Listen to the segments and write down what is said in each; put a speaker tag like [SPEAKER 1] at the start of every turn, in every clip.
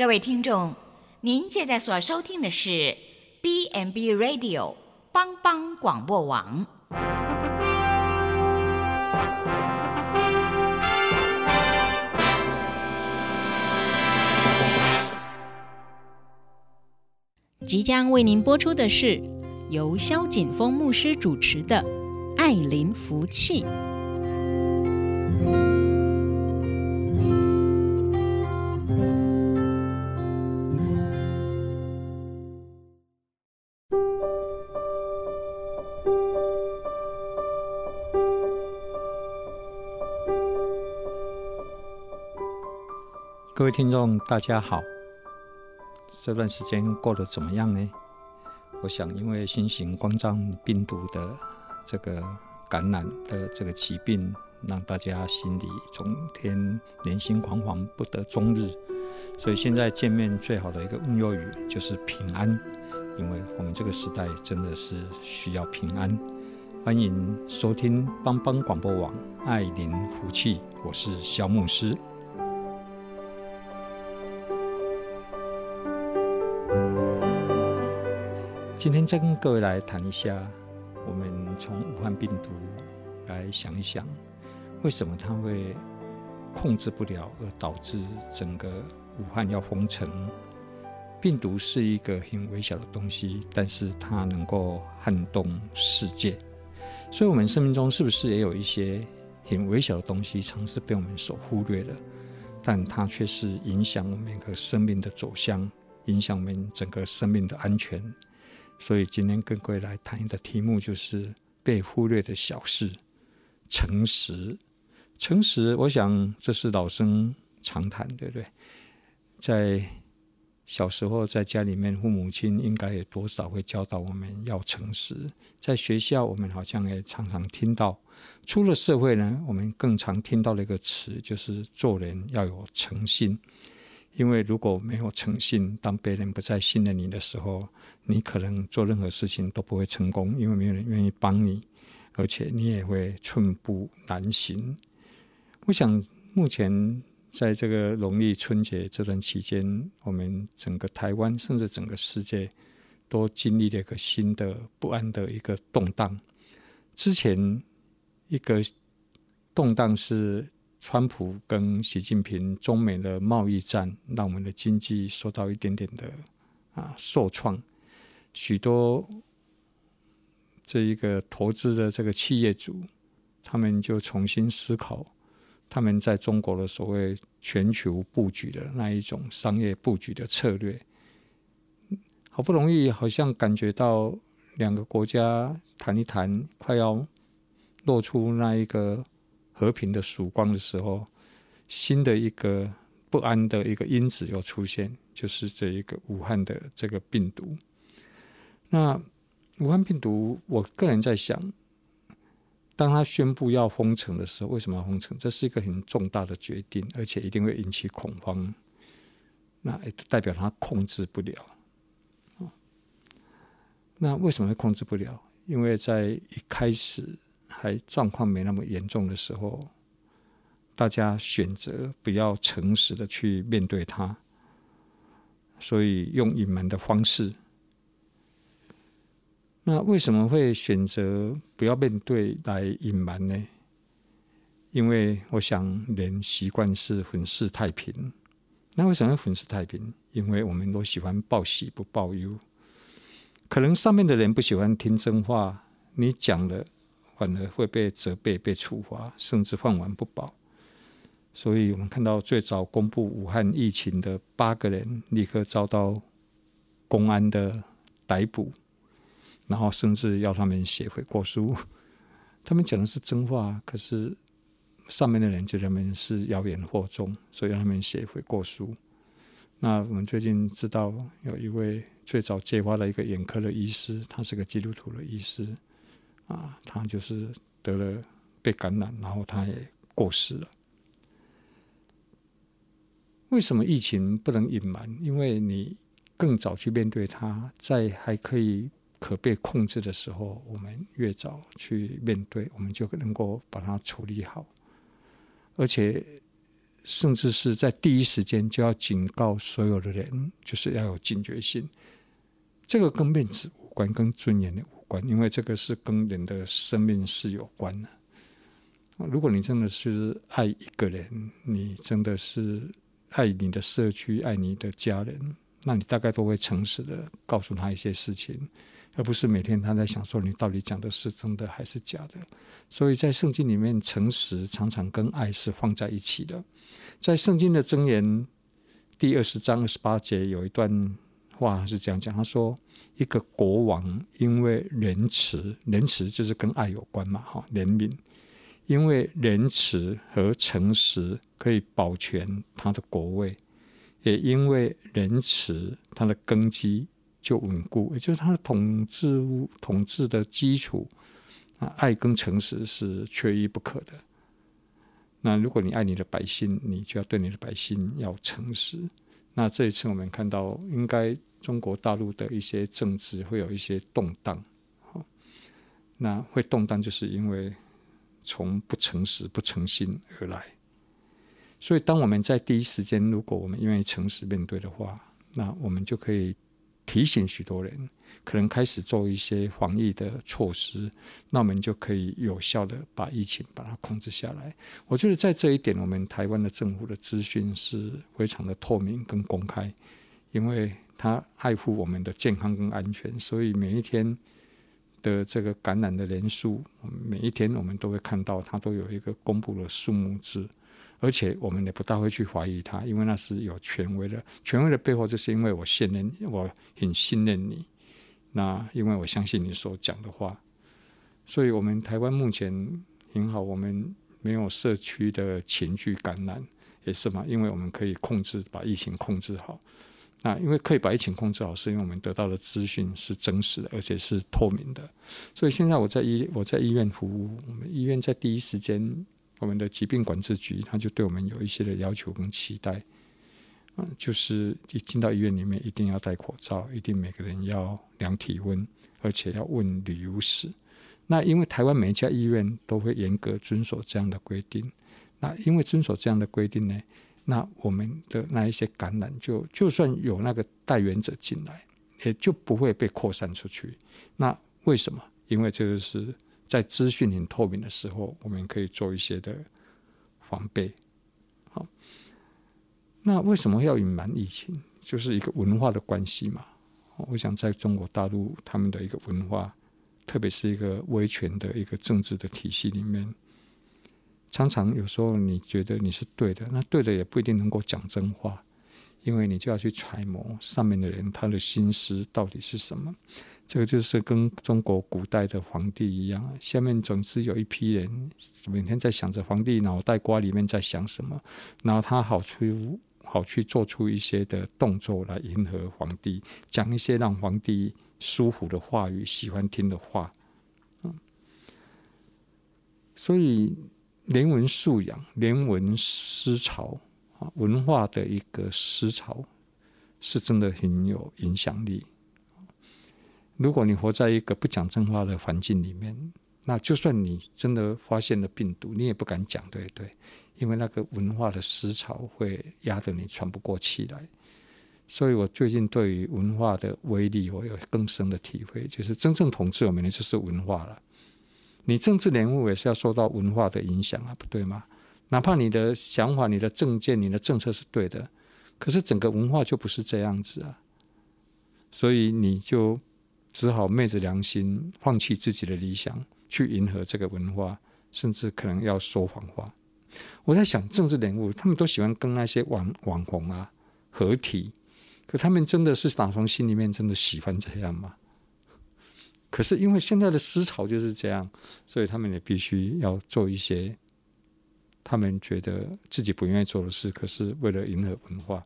[SPEAKER 1] 各位聽眾，您現在所收聽的是 B&B Radio 幫幫廣播網。
[SPEAKER 2] 即將
[SPEAKER 1] 為您播出的是由蕭錦鋒牧師主持的《愛鄰福氣》。
[SPEAKER 3] 各位聽眾大家好，這段時間過得怎麼樣呢？我想，因為新型冠狀病毒的這個感染的這個疾病，讓大家心裡整天人心惶惶不得終日。所以現在見面最好的一個問候語就是平安，因為我們這個時代真的是需要平安。歡迎收聽幫幫廣播網愛鄰福氣，我是蕭牧師。今天再跟各位來談一下，我們從武漢病毒來想一想，為什麼它會控制不了，而導致整個武漢要封城？病毒是一個很微小的東西，但是它能夠撼動世界。所以，我們生命中是不是也有一些很微小的東西，常常被我們所忽略了，但它卻是影響我們整個生命的走向，影響我們整個生命的安全。所以今天跟各位來談的題目就是被忽略的小事，誠實，誠實。我想這是老生常談，對不對？在小時候，在家裡面，父母親應該也多少會教導我們要誠實。在學校，我們好像也常常聽到。出了社會呢，我們更常聽到的一個詞，就是做人要有誠信。因為如果沒有誠信，當別人不再信任你的時候，你可能做任何事情都不會成功，因為沒有人願意幫你，而且你也會寸步難行。我想，目前在這個農曆春節這段期間，我們整個台灣，甚至整個世界，都經歷了一個新的不安的一個動盪。之前一個動盪是川普跟習近平中美的貿易戰，讓我們的經濟受到一點點的啊受創。許多這一個投資的這個企業主，他們就重新思考他們在中國的所謂全球布局的那一種商業布局的策略。好不容易好像感覺到兩個國家談一談，快要露出那一個和平的曙光的時候，新的一個不安的一個因子又出現，就是這一個武漢的這個病毒。那武漢病毒，我個人在想，當他宣布要封城的時候，為什麼要封城？這是一個很重大的決定，而且一定會引起恐慌。那也代表他控制不了。那為什麼會控制不了？因為在一開始還狀況沒那麼嚴重的時候，大家選擇不要誠實的去面對它，所以用隱瞞的方式。那為什麼會選擇不要面對來隱瞞呢？因為我想，人習慣是粉飾太平。那為什麼要粉飾太平？因為我們都喜歡報喜不報憂。可能上面的人不喜歡聽真話，你講了，反而會被責備、被處罰，甚至飯碗不保。所以我們看到最早公佈武漢疫情的八個人，立刻遭到公安的逮捕。然後甚至要他們寫悔過書，他們講的是真話，可是上面的人就認為是妖言惑眾，所以讓他們寫悔過書。那我們最近知道有一位最早揭發了一個眼科的醫師，他是個基督徒的醫師啊，他就是得了被感染，然後他也過世了。為什麼疫情不能隱瞞？因為你更早去面對它，在還可以。可被控制的時候，我們越早去面對，我們就能夠把它處理好。而且，甚至是在第一時間就要警告所有的人，就是要有警覺性。這個跟面子無關，跟尊嚴的無關，因為這個是跟人的生命是有關的啊。如果你真的是愛一個人，你真的是愛你的社區、愛你的家人，那你大概都會誠實的告訴他一些事情。而不是每天他在想說你到底講的是真的還是假的？所以在聖經裡面，誠實常常跟愛是放在一起的。在《聖經》的箴言第二十章二十八節有一段話是這樣講：他說，一個國王因為仁慈，仁慈就是跟愛有關嘛，哈，憐憫，因為仁慈和誠實可以保全他的國位，也因為仁慈他的根基。就穩固，也就是他的統治，統治的基礎，那愛跟誠實是缺一不可的。那如果你愛你的百姓，你就要對你的百姓要誠實。那這一次我們看到，應該中國大陸的一些政治會有一些動盪，哦，那會動盪就是因為從不誠實、不誠心而來。所以，當我們在第一時間，如果我們願意誠實面對的話，那我們就可以。提醒許多人可能開始做一些防疫的措施，那我們就可以有效的把疫情把它控制下來。我覺得在這一點，我們台灣的政府的資訊是非常的透明跟公開，因為它愛護我們的健康跟安全，所以每一天的這個感染的人數，每一天我們都會看到，它都有一個公布的數目字。而且我們也不大會去懷疑他，因為那是有權威的。權威的背後就是因為我信任，我很信任你。那因為我相信你所講的話，所以我們台灣目前很好，我們沒有社區的群聚感染，也是嘛？因為我們可以控制，把疫情控制好。那因為可以把疫情控制好，是因為我們得到的資訊是真實的，而且是透明的。所以現在我在醫，我在醫院服務，我們醫院在第一時間。我們的疾病管制局，他就對我們有一些的要求跟期待，嗯，就是一進到醫院裡面一定要戴口罩，一定每個人要量體溫，而且要問旅遊史。那因為台灣每一家醫院都會嚴格遵守這樣的規定，那因為遵守這樣的規定呢，那我們的那一些感染就就算有那個帶原者進來，也就不會被擴散出去。那為什麼？因為這個是。在資訊很透明的時候，我們可以做一些的防備。好，那為什麼要隱瞞疫情？就是一個文化的關係嘛。我想，在中國大陸他們的一個文化，特別是一個威權的一個政治的體系裡面，常常有時候你覺得你是對的，那對的也不一定能夠講真話，因為你就要去揣摩上面的人他的心思到底是什麼。這個就是跟中國古代的皇帝一樣，下面總是有一批人每天在想着皇帝腦袋瓜裡面在想什麼，然後他好去好去做出一些的動作來迎合皇帝，講一些讓皇帝舒服的話語、喜歡聽的話。嗯，所以人文素養、人文思潮啊，文化的一個思潮是真的很有影響力。如果你活在一個不講真話的環境裡面，那就算你真的發現了病毒，你也不敢講，對不對？因為那個文化的思潮會壓得你喘不過氣來。所以我最近對於文化的威力，我有更深的體會，就是真正統治我們的就是文化了。你政治人物也是要受到文化的影響啊，不對嗎？哪怕你的想法、你的政見、你的政策是對的，可是整個文化就不是這樣子啊，所以你就。只好昧着良心，放棄自己的理想，去迎合這個文化，甚至可能要說謊話。我在想，政治人物他們都喜歡跟那些網網紅啊合體，可他們真的是打從心裡面真的喜歡這樣嗎？可是因為現在的思潮就是這樣，所以他們也必須要做一些他們覺得自己不願意做的事，可是為了迎合文化，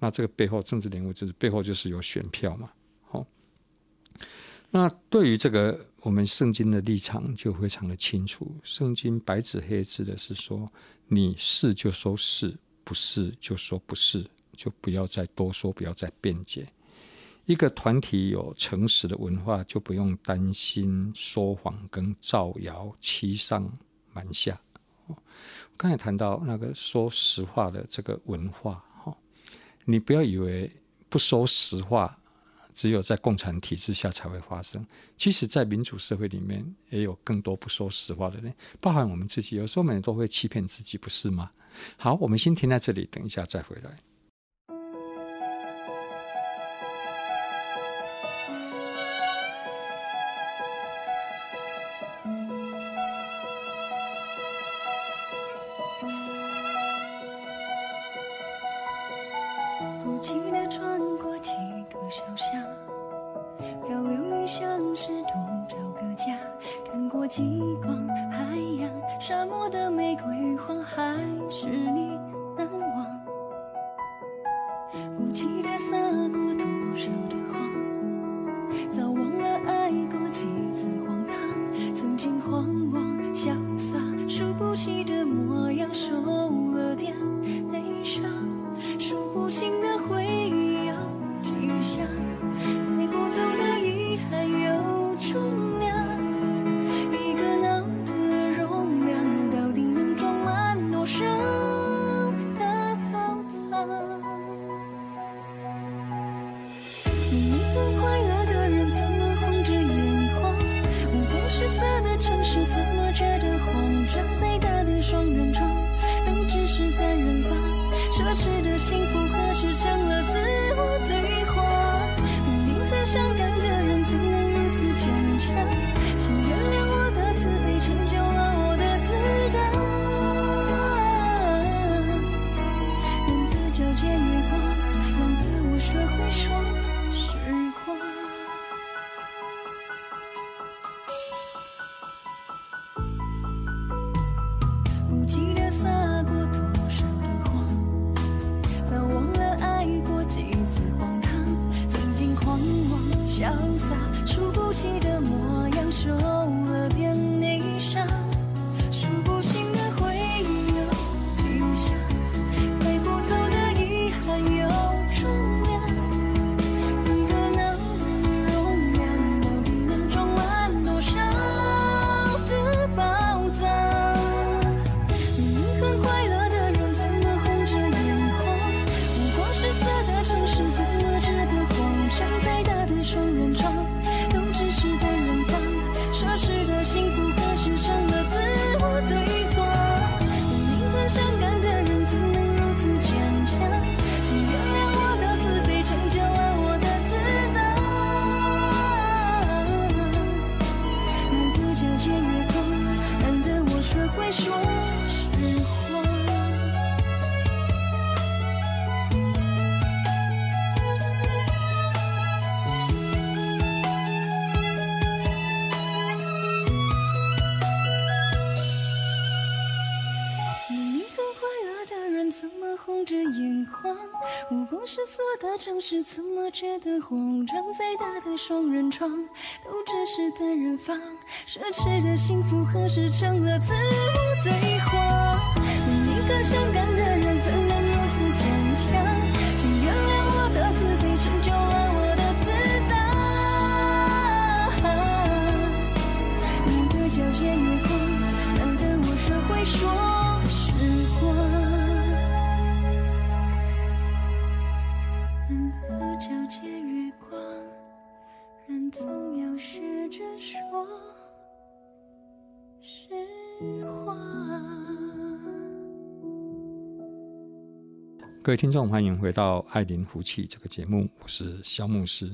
[SPEAKER 3] 那這個背後政治人物就是背後就是有選票嘛。那對於這個我們聖經的立場就非常的清楚，聖經白紙黑字的是說，你是就說是，不是就說不是，就不要再多說，不要再辯解。一個團體有誠實的文化，就不用擔心說謊跟造謠、欺上瞞下。剛才談到那個說實話的這個文化，哈，你不要以為不說實話。只有在共產體制下才會發生。其實，在民主社會裡面，也有更多不說實話的人，包含我們自己。有時候，每人都會欺騙自己，不是嗎？好，我們先停在這裡，等一下再回來。
[SPEAKER 1] 我的城市怎麼覺得慌張？再大的雙人床，都只是單人房。奢侈的幸福，何時成了自我對話？你一個傷感的人，怎能？
[SPEAKER 3] 各位聽眾，歡迎回到《愛鄰福氣》這個節目，我是蕭牧師。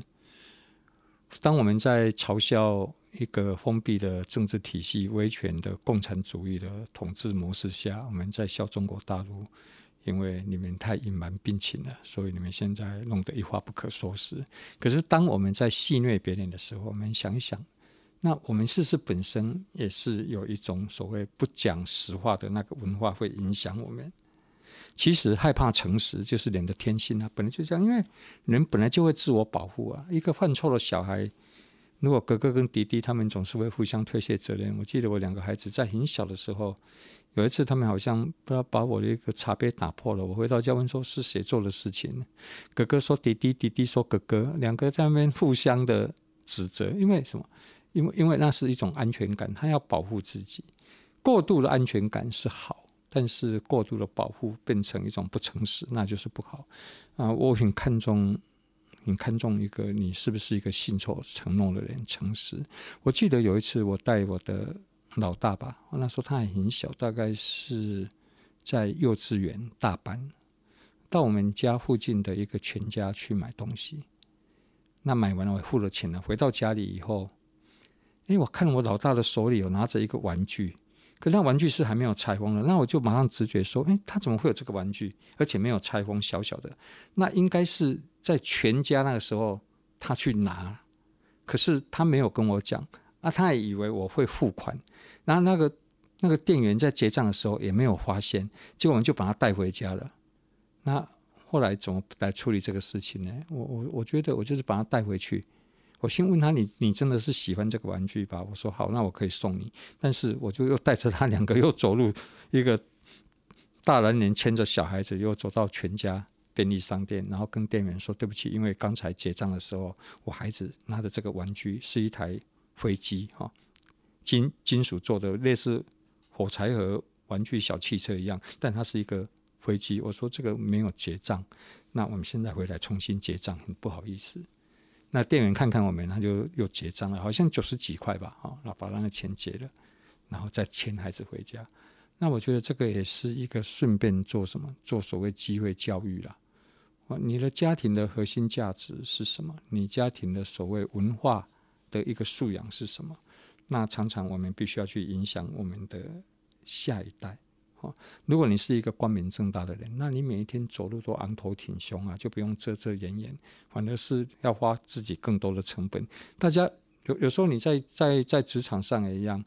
[SPEAKER 3] 當我們在嘲笑一個封閉的政治體系、威權的共產主義的統治模式下，我們在笑中國大陸，因為你們太隱瞞病情了，所以你們現在弄得一發不可收拾。可是，當我們在戲謔別人的時候，我們想一想，那我們事實本身也是有一種所謂不講實話的那個文化，會影響我們。其實害怕誠實就是人的天性啊，本來就這樣，因為人本來就會自我保護啊。一個犯錯的小孩，如果哥哥跟弟弟，他們總是會互相推卸責任。我記得我兩個孩子在很小的時候，有一次他們好像不知道把我的一個茶杯打破了，我回到家問說是誰做的事情。哥哥說弟弟，弟弟說哥哥，兩個在那邊互相的指責。因為什麼？因為因為那是一種安全感，他要保護自己。過度的安全感是好。但是過度的保護變成一種不誠實，那就是不好。啊，我很看重，很看重一個你是不是一個信守承諾的人，誠實。我記得有一次，我帶我的老大吧，我那時候他還很小，大概是在幼稚園大班，到我們家附近的一個全家去買東西。那買完了，我付了錢了，回到家裡以後，哎，我看我老大的手裡有拿着一個玩具。可那玩具是還沒有拆封的，那我就馬上直覺說，誒、欸，他怎麼會有這個玩具，而且沒有拆封，小小的，那應該是在全家那個時候他去拿，可是他沒有跟我講，啊，他也以為我會付款，然後那個那個店員在結賬的時候也沒有發現，結果我們就把他帶回家了。那後來怎麼來處理這個事情呢？我我我覺得我就是把他帶回去。我先問他，你你真的是喜歡這個玩具吧？我說好，那我可以送你。但是我就又帶着他兩個又走入一個大男人牽着小孩子，又走到全家便利商店，然後跟店員說對不起，因為剛才結賬的時候我孩子拿的這個玩具是一台飛機哈，金金屬做的類似火柴盒玩具小汽車一樣，但它是一個飛機。我說這個沒有結賬，那我們現在回來重新結賬，很不好意思。那店員看看我們，他就又結賬了，好像九十幾塊吧，哦，那把那個錢結了，然後再牽孩子回家。那我覺得這個也是一個順便做什麼？做所謂機會教育啦。哦，你的家庭的核心價值是什麼？你家庭的所謂文化的一個素養是什麼？那常常我們必須要去影響我們的下一代。哦，如果你是一個光明正大的人，那你每一天走路都昂頭挺胸啊，就不用遮遮掩掩，反而是要花自己更多的成本。大家有有時候你在在在職場上也一樣，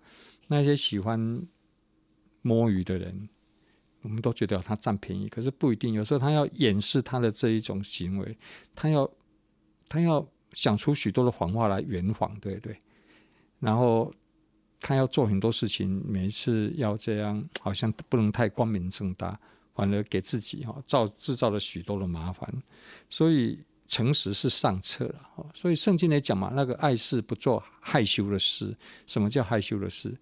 [SPEAKER 3] 那些喜歡摸魚的人，我們都覺得他占便宜，可是不一定。有時候他要掩飾他的這一種行為，他要他要想出許多的謊話來圓謊，對，對對，然後。他要做很多事情，每一次要這樣，好像不能太光明正大，反而給自己哈、哦、造製造了許多的麻煩。所以誠實是上策了。所以聖經也講嘛，那個愛是不做害羞的事。什麼叫害羞的事？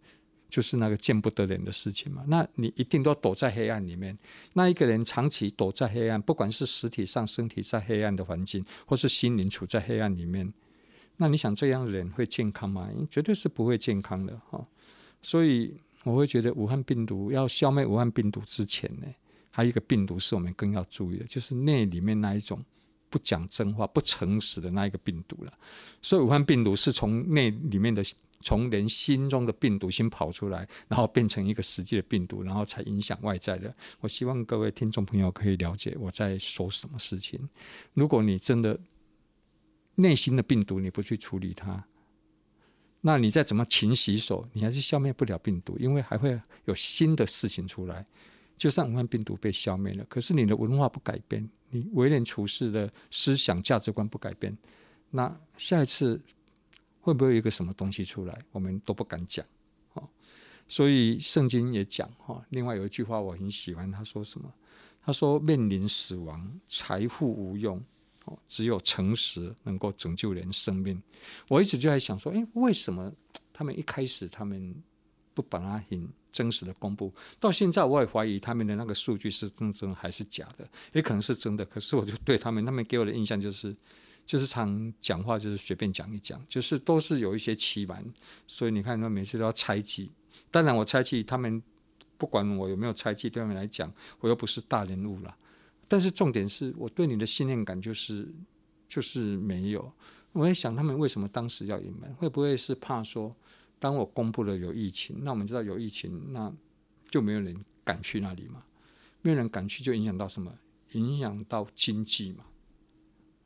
[SPEAKER 3] 就是那個見不得人的事情嘛。那你一定都要躲在黑暗裡面。那一個人長期躲在黑暗，不管是實體上身體在黑暗的環境，或是心靈處在黑暗裡面。那你想這樣人會健康嗎？絕對是不會健康的哈、哦。所以我會覺得，武漢病毒要消滅武漢病毒之前呢，還有一個病毒是我們更要注意的，就是那裡面那一種不講真話、不誠實的那一個病毒了。所以武漢病毒是從那裡面的、從人心中的病毒先跑出來，然後變成一個實際的病毒，然後才影響外在的。我希望各位聽眾朋友可以了解我在說什麼事情。如果你真的，內心的病毒，你不去處理它，那你再怎麼勤洗手，你還是消滅不了病毒，因為還會有新的事情出來。就算武漢病毒被消滅了，可是你的文化不改變，你為人處事的思想價值觀不改變，那下一次會不會有一個什麼東西出來，我們都不敢講。哦，所以聖經也講哈，另外有一句話我很喜歡，他說什麼？他說面臨死亡，財富無用。只有誠實能夠拯救人生命。我一直就在想說，哎，為什麼他們一開始他們不把它很真實的公布？到現在我也懷疑他們的那個數據是真真還是假的，也可能是真的。可是我就對他們，他們給我的印象就是，就是常講話就是隨便講一講，就是都是有一些欺瞞。所以你看，那每次都要猜忌。當然，我猜忌他們，不管我有沒有猜忌，對他們來講，我又不是大人物了。但是重點是我對你的信任感就是，就是沒有。我在想他們為什麼當時要隱瞞？會不會是怕說，當我公布了有疫情，那我們知道有疫情，那就沒有人敢去那裡嘛？沒有人敢去就影響到什麼？影響到經濟嘛？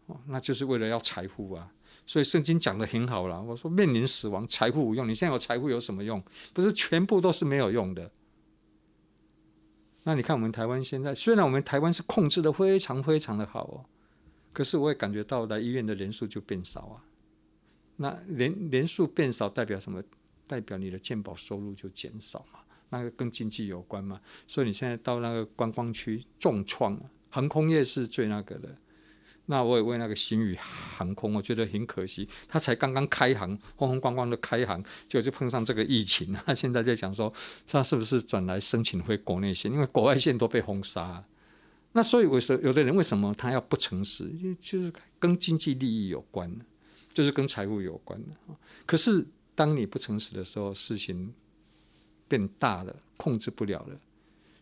[SPEAKER 3] 哦，那就是為了要財富啊！所以聖經講得很好了，我說面臨死亡，財富無用。你現在有財富有什麼用？不是全部都是沒有用的。那你看，我們台灣現在雖然我們台灣是控制得非常非常的好哦，可是我也感覺到來醫院的人數就變少啊。那人人數變少代表什麼？代表你的健保收入就減少嘛，那個跟經濟有關嘛。所以你現在到那個觀光區重創，航空業是最那個的。那我也為那個星宇航空，我覺得很可惜，他才剛剛開航，風風光光的開航，結果就碰上這個疫情他、啊、現在在講說，他是不是轉來申請回國內線？因為國外線都被封殺、啊。那所以我說，有的人為什麼他要不誠實？因為就是跟經濟利益有關，就是跟財富有關。可是當你不誠實的時候，事情變大了，控制不了了，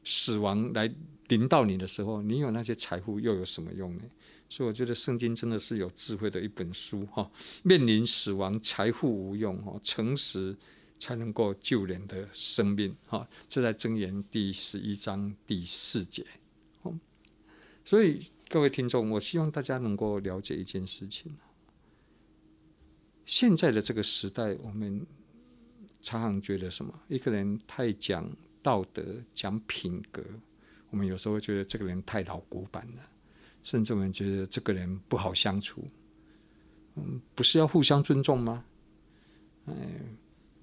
[SPEAKER 3] 死亡來臨到你的時候，你有那些財富又有什麼用呢？所以我覺得聖經真的是有智慧的一本書哈。面臨死亡，財富無用哦，誠實才能夠救人的生命哈。這在箴言第十一章第四節。所以各位聽眾，我希望大家能夠了解一件事情。現在的這個時代，我們常常覺得什麼？一個人太講道德、講品格，我們有時候會覺得這個人太老古板了。甚至我們覺得這個人不好相處，嗯，不是要互相尊重嗎？嗯、哎，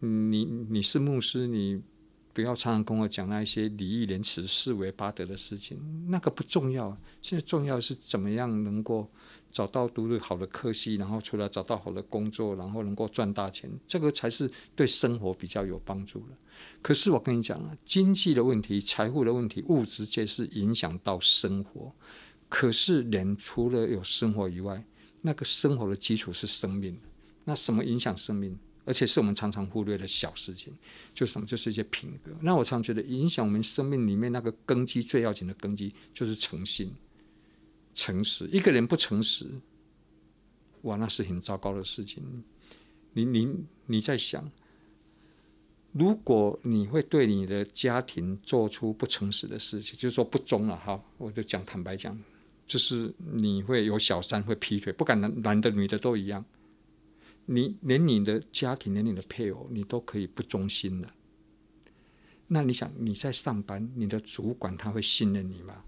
[SPEAKER 3] 你你是牧師，你不要常常跟我講那一些禮義廉恥、四維八德的事情，那個不重要。現在重要的是怎麼樣能夠找到讀得好的科系，然後出來找到好的工作，然後能夠賺大錢，這個才是對生活比較有幫助的。可是我跟你講、啊、經濟的問題、財富的問題、物質，皆是影響到生活。可是人除了有生活以外，那個生活的基礎是生命。那什麼影響生命？而且是我們常常忽略的小事情，就什麼？就是一些品格。那我常覺得，影響我們生命裡面那個根基最要緊的根基，就是誠信、誠實。一個人不誠實，哇，那是很糟糕的事情。你你你在想，如果你會對你的家庭做出不誠實的事情，就是說不忠了、啊。哈，我就講坦白講。就是你會有小三，會劈腿，不管男男的、女的都一樣。你連你的家庭，連你的配偶，你都可以不忠心的。那你想，你在上班，你的主管他會信任你嗎？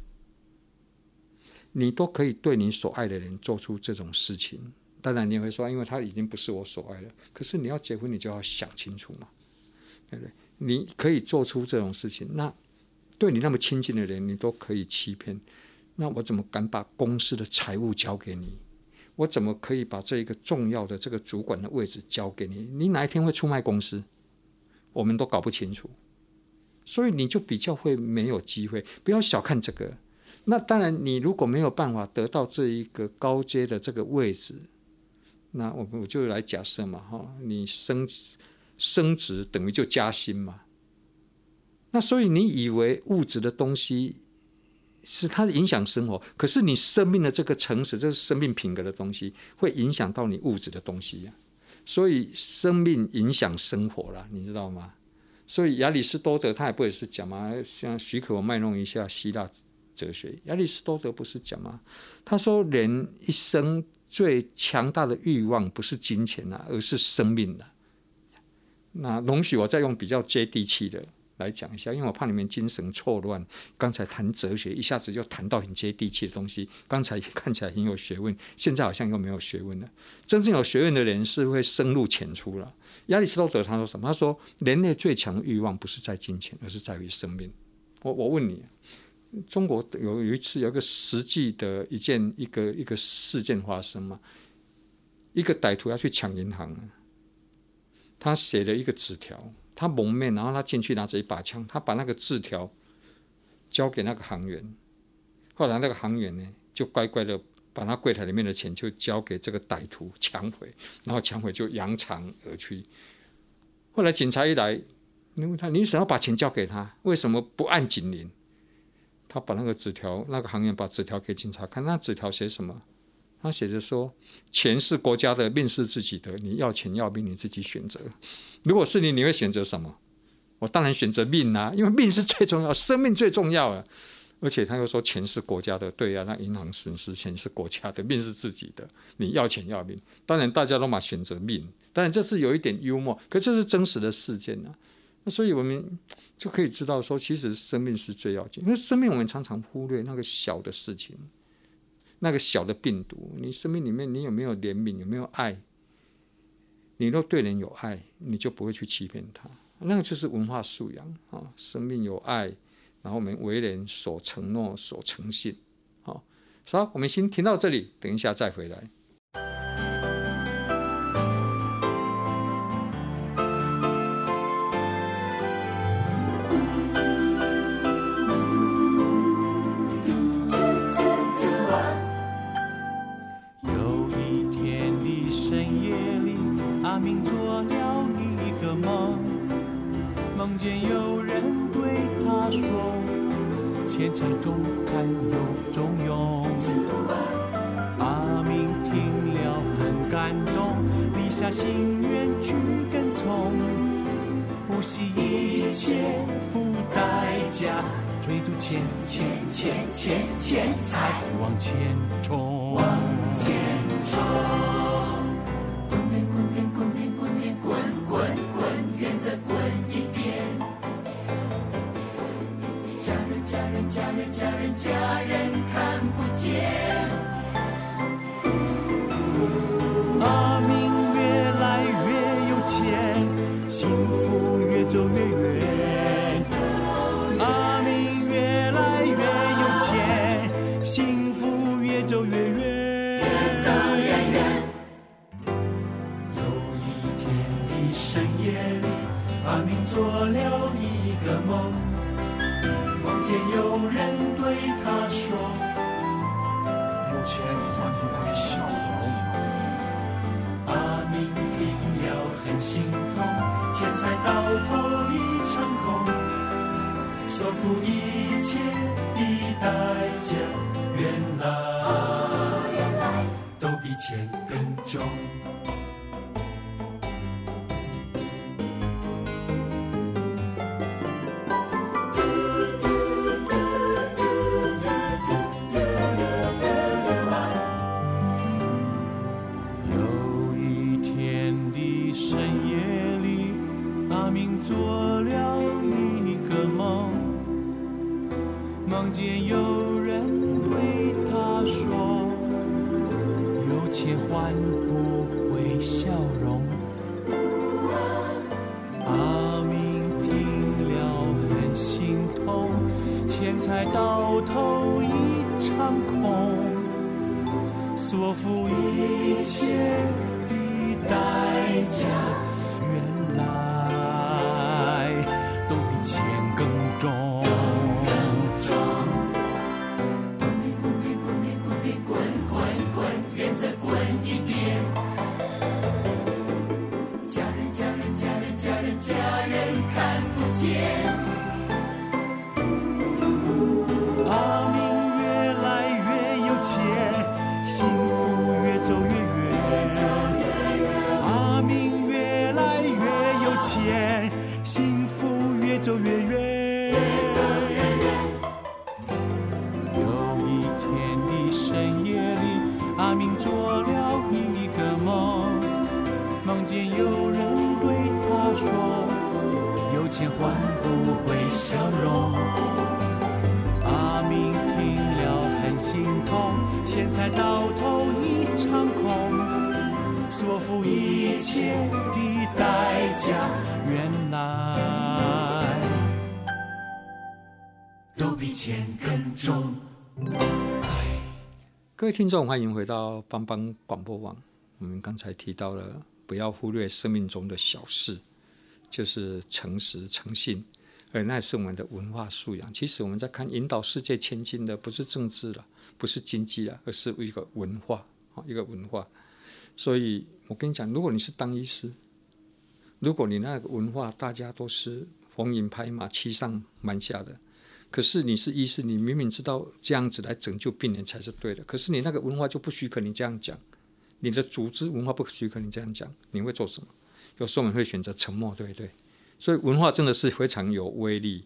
[SPEAKER 3] 你都可以對你所愛的人做出這種事情。當然，你也會說，因為他已經不是我所愛了。可是你要結婚，你就要想清楚嘛。對不對？你可以做出這種事情，那對你那麼親近的人，你都可以欺騙。那我怎麼敢把公司的財務交給你？我怎麼可以把這一個重要的這個主管的位置交給你？你哪一天會出賣公司？我們都搞不清楚，所以你就比較會沒有機會。不要小看這個。那當然，你如果沒有辦法得到這一個高階的這個位置，那我我就來假設嘛，哈，你升升職等於就加薪嘛。那所以你以為物質的東西。是它影響生活，可是你生命的這個誠實，這是生命品格的東西，會影響到你物質的東西呀、啊。所以生命影響生活了，你知道嗎？所以亞里士多德他也不會是講嘛，像許可我賣弄一下希臘哲學。亞里士多德不是講嗎？他說人一生最強大的慾望不是金錢啊，而是生命啊。那容許我再用比較接地氣的。來講一下，因為我怕你們精神錯亂。剛才談哲學，一下子就談到很接地氣的東西。剛才也看起來很有學問，現在好像又沒有學問了。真正有學問的人是會深入淺出了。亞里士多德他說什麼？他說人類最強的欲望不是在金錢，而是在於生命。我我問你，中國有有一次有一個實際的一件一個一個事件發生嗎？一個歹徒要去搶銀行，他寫了一個紙條。他蒙面，然後他進去拿着一把槍，他把那個字條交給那個行員。後來那個行員呢，就乖乖的把那櫃台裡面的錢就交給這個歹徒搶匪，然後搶匪就揚長而去。後來警察一來，問他：“你想要把錢交給他，為什麼不按警鈴？”他把那個紙條，那個行員把紙條給警察看，那紙條寫什麼？他寫着說：“錢是國家的，命是自己的。你要錢要命，你自己選擇。如果是你，你會選擇什麼？我當然選擇命啊，因為命是最重要，生命最重要啊。而且他又說，錢是國家的，對啊，那銀行損失錢是國家的，命是自己的。你要錢要命，當然大家都嘛選擇命。當然這是有一點幽默，可是這是真實的事件啊。那所以我們就可以知道說，其實生命是最要緊，因為生命我們常常忽略那個小的事情。”那個小的病毒，你生命裡面你有沒有憐憫，有沒有愛？你若對人有愛，你就不會去欺騙他。那個就是文化素養啊、哦，生命有愛，然後我們為人所承諾、所誠信、哦、啊。好，我們先停到這裡，等一下再回來。
[SPEAKER 2] 情願去跟從，不惜一切付代價，追逐錢錢錢錢錢財，往前衝，往前衝。深夜裡，阿明做了一個夢，夢見有人對他說：“有錢換不回笑容。”阿明聽了很心痛，錢財到頭一場空，所付一切的代價，原來，啊、原來都比錢更重。
[SPEAKER 3] 聽眾，歡迎回到幫幫廣播網。我們剛才提到了，不要忽略生命中的小事，就是誠實、誠信，而那也是我們的文化素養。其實我們在看引導世界前進的，不是政治了，不是經濟了，而是一個文化，一個文化。所以我跟你講，如果你是當醫師，如果你那個文化大家都是逢迎拍馬、欺上瞞下的。可是你是醫師，你明明知道這樣子來拯救病人才是對的，可是你那個文化就不許可你這樣講，你的組織文化不許可你這樣講，你會做什麼？有時候我們會選擇沉默，對不對？所以文化真的是非常有威力。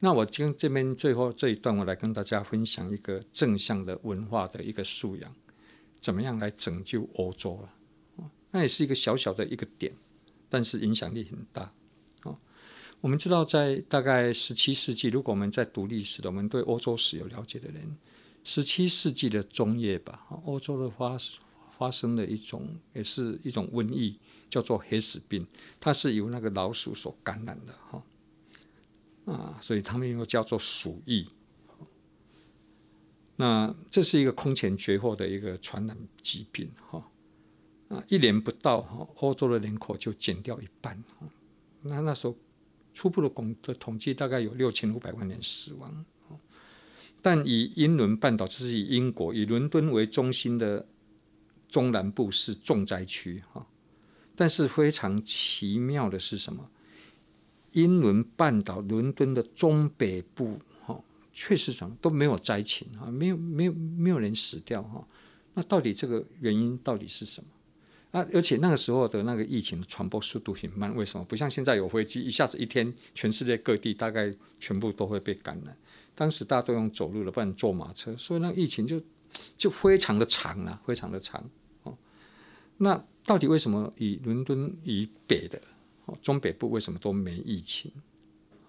[SPEAKER 3] 那我今這邊最後這一段，我來跟大家分享一個正向的文化的一個素養，怎麼樣來拯救歐洲了啊？那也是一個小小的一個點，但是影響力很大。我們知道，在大概十七世紀，如果我們在讀歷史的，我們對歐洲史有了解的人，十七世紀的中葉吧，歐洲的發發生了一種，也是一種瘟疫，叫做黑死病，它是由那個老鼠所感染的哈啊，所以他們又叫做鼠疫。那這是一個空前絕後的一個傳染疾病哈啊，一年不到哈，歐洲的人口就減掉一半哈，那那時候。初步的統的統計，大概有六千五百萬人死亡。但以英倫半島，就是以英國、以倫敦為中心的中南部是重災區哈。但是非常奇妙的是什麼？英倫半島倫敦的中北部哈，確實上都沒有災情啊，沒有沒有沒有人死掉哈。那到底這個原因到底是什麼？啊，而且那個時候的那個疫情傳播速度很慢，為什麼？不像現在有飛機，一下子一天，全世界各地大概全部都會被感染。當時大家都用走路的，不能坐馬車，所以那個疫情就就非常的長啊，非常的長。哦，那到底為什麼以倫敦以北的中北部為什麼都沒疫情？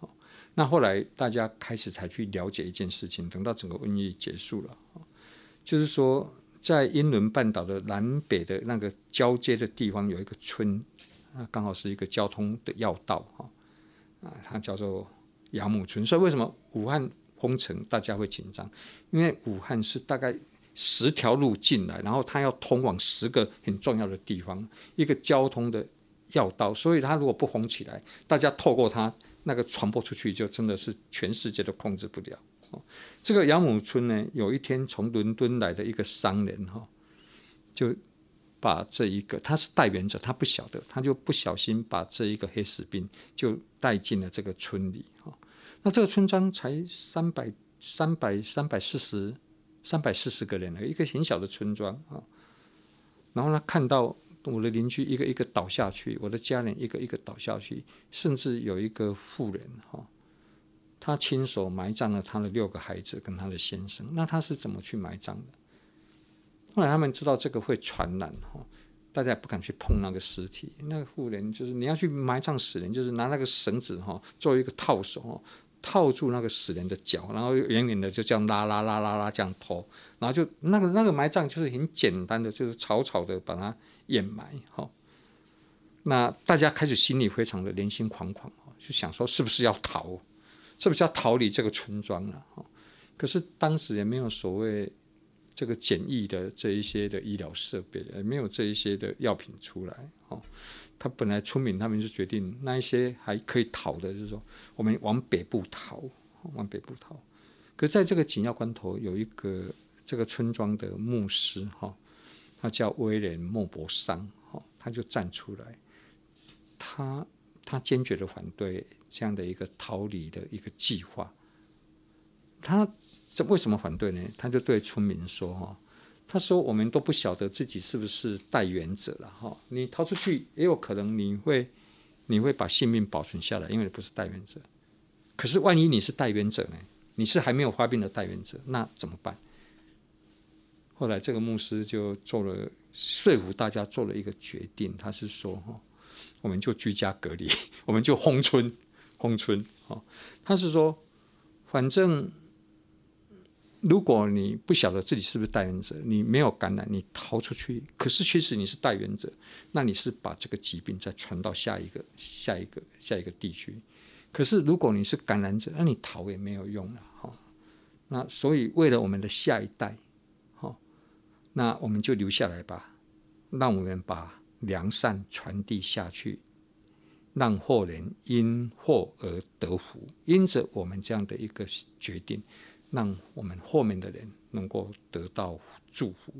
[SPEAKER 3] 哦，那後來大家開始才去了解一件事情，等到整個瘟疫結束了，就是說。在英倫半島的南北的那個交接的地方有一個村，啊，剛好是一個交通的要道，哈，啊，它叫做亞姆村。所以為什麼武漢封城大家會緊張？因為武漢是大概十條路進來，然後它要通往十個很重要的地方，一個交通的要道。所以它如果不封起來，大家透過它那個傳播出去，就真的是全世界都控制不了。這個養母村呢，有一天從倫敦來的一個商人哈，就把這一個，他是代表者，他不曉得，他就不小心把這一個黑死病就帶進了這個村裡哈。那這個村莊才三百三百三百四十三百四十個人呢，一個很小的村莊啊。然後呢，看到我的鄰居一個一個倒下去，我的家人一個一個倒下去，甚至有一個婦人哈。他親手埋葬了他的六個孩子跟他的先生，那他是怎麼去埋葬的？後來他們知道這個會傳染哈，大家也不敢去碰那個屍體。那個婦人就是你要去埋葬死人，就是拿那個繩子哈做一個套手哈，套住那個死人的腳，然後遠遠的就這樣拉拉拉拉拉這樣拖，然後就那個那個埋葬就是很簡單的，就是草草的把它掩埋哈。那大家開始心裡非常的人心惶惶哈，就想說是不是要逃？是不是要逃離這個村莊了，可是當時也沒有所謂這個簡易的這一些的醫療設備，也沒有這一些的藥品出來。哦，他本來村民他們就決定，那一些還可以逃的，就是說我們往北部逃，往北部逃。可在這個緊要關頭，有一個這個村莊的牧師，哈，他叫威廉·莫伯桑，哈，他就站出來，他。他堅決的反對這樣的一個逃離的一個計劃。他這為什麼反對呢？他就對村民說：“哈，他說我們都不曉得自己是不是帶原者了哈。你逃出去也有可能，你會你會把性命保存下來，因為你不是帶原者。可是萬一你是帶原者呢？你是還沒有發病的帶原者，那怎麼辦？”後來這個牧師就做了說服大家做了一個決定，他是說：“我們就居家隔離，我們就封村，封村。哦，他是說，反正如果你不曉得自己是不是帶原者，你沒有感染，你逃出去；可是，確實你是帶原者，那你是把這個疾病再傳到下一個、下一個、下一個地區。可是，如果你是感染者，那你逃也沒有用了。哈、哦，那所以為了我們的下一代，好、哦，那我們就留下來吧，讓我們把。良善傳遞下去，讓後人因禍而得福。因著，我們這樣的一個決定，讓我們後面的人能夠得到祝福。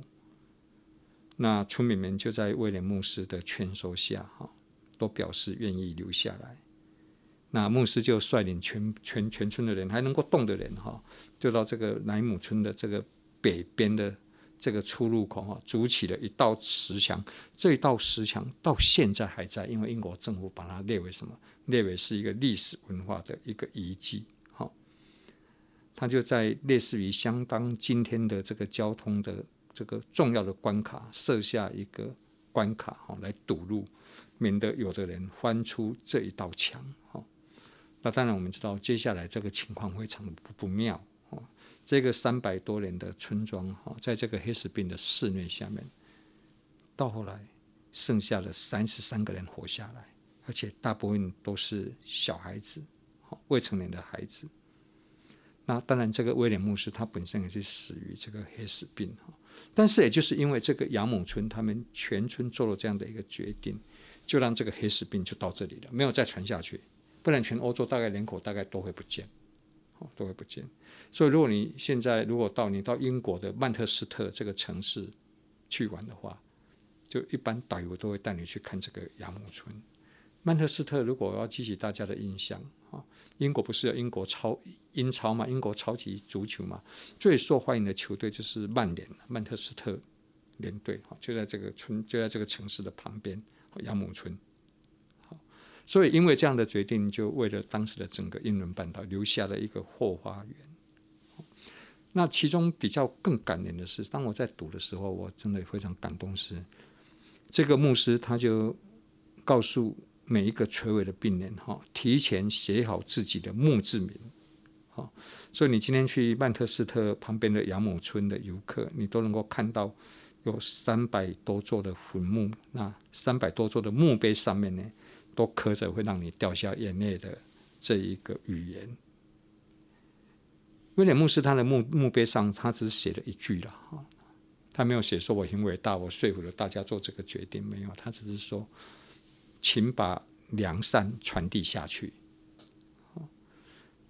[SPEAKER 3] 那村民們就在威廉牧師的勸說下，哈，都表示願意留下來。那牧師就率領全全全村的人，還能夠動的人，哈，就到這個萊姆村的這個北邊的。這個出入口哈、哦，築起了一道石牆，這一道石牆到現在還在，因為英國政府把它列為什麼？列為是一個歷史文化的一個遺跡，哈、哦。它就在類似於相當今天的這個交通的這個重要的關卡，設下一個關卡哈、哦，來堵路，免得有的人翻出這一道牆，哈、哦。那當然我們知道，接下來這個情況非常的不不妙。這個三百多年的村莊哈，在這個黑死病的肆虐下面，到後來剩下了三十三個人活下來，而且大部分都是小孩子，未成年的孩子。那當然，這個威廉牧師他本身也是死於這個黑死病哈。但是，也就是因為這個亞蒙村，他們全村做了這樣的一個決定，就讓這個黑死病就到這裡了，沒有再傳下去。不然，全歐洲大概人口大概都會不見。都會不見，所以如果你現在如果到你到英國的曼徹斯特這個城市去玩的話，就一般導遊都會帶你去看這個雅姆村。曼徹斯特如果要激起大家的印象啊，英國不是有英國超英超嘛，英國超級足球嘛，最受歡迎的球隊就是曼聯，曼徹斯特聯隊，就在這個村，就在這個城市的旁邊，雅姆村。所以，因為這樣的決定，就為了當時的整個英倫半島留下了一個後花園。那其中比較更感人的是，當我在讀的時候，我真的非常感動。是，這個牧師他就告訴每一個垂危的病人：哈，提前寫好自己的墓志銘。好，所以你今天去曼特斯特旁邊的楊某村的遊客，你都能夠看到有三百多座的墳墓。那三百多座的墓碑上面呢？都刻着會讓你掉下眼淚的這一個語言。威廉姆斯他的墓墓碑上，他只是寫了一句了哈，他沒有寫說我很偉大，我說服了大家做這個決定沒有？他只是說，請把良善傳遞下去。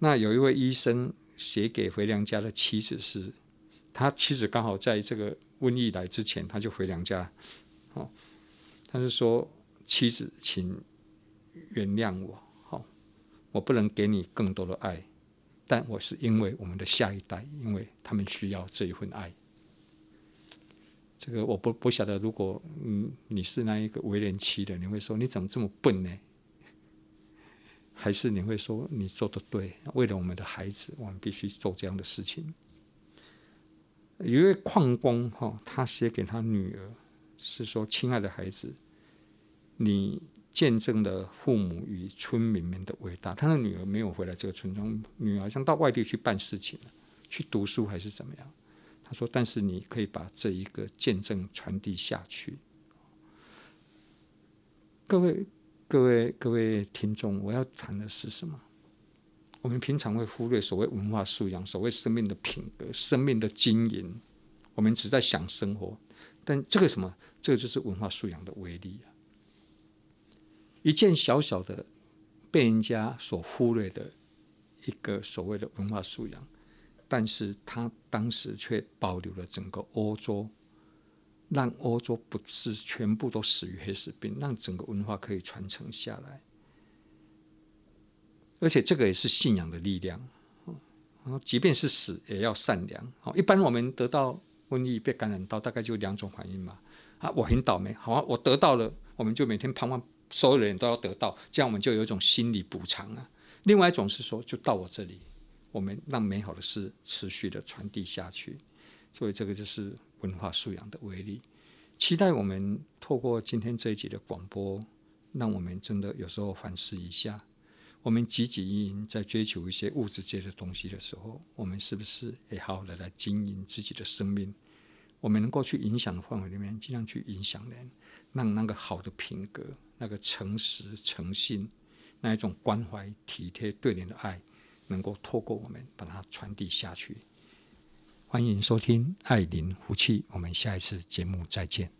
[SPEAKER 3] 那有一位醫生寫給回娘家的妻子是，他妻子剛好在這個瘟疫來之前，他就回娘家。哦，他是說妻子，請。原諒我，好，我不能給你更多的愛，但我是因為我們的下一代，因為他們需要這一份愛。這個我不不曉得，如果嗯你是那一個為人妻的，你會說你怎麼這麼笨呢？還是你會說你做得對？為了我們的孩子，我們必須做這樣的事情。有一位礦工哈、哦，他寫給他女兒是說：“親愛的孩子，你。”見證了父母與村民們的偉大。他的女兒沒有回來這個村莊，女兒想到外地去辦事情，去讀書還是怎麼樣？他說：“但是你可以把這一個見證傳遞下去。”各位、各位、各位聽眾，我要談的是什麼？我們平常會忽略所謂文化素養、所謂生命的品格、生命的經營。我們只在想生活，但這個什麼？這個就是文化素養的威力啊！一件小小的被人家所忽略的一個所謂的文化素養，但是他當時卻保留了整個歐洲，讓歐洲不是全部都死於黑死病，讓整個文化可以傳承下來。而且這個也是信仰的力量，即便是死也要善良。一般我們得到瘟疫被感染到，大概就兩種反應嘛，啊，我很倒霉，好啊，我得到了，我們就每天盼望。所有人都要得到，這樣我們就有一種心理補償啊。另外一種是說，就到我這裡，我們讓美好的事持續地傳遞下去。所以這個就是文化素養的威力。期待我們透過今天這一集的廣播，讓我們真的有時候反思一下：我們汲汲營營在追求一些物質界的東西的時候，我們是不是也好好的來經營自己的生命？我們能夠去影響的範圍裡面，儘量去影響人，讓那個好的品格。那個誠實、誠信，那一種關懷、體貼對人的愛，能夠透過我們把它傳遞下去。歡迎收聽《愛鄰福氣》，我們下一次節目再見。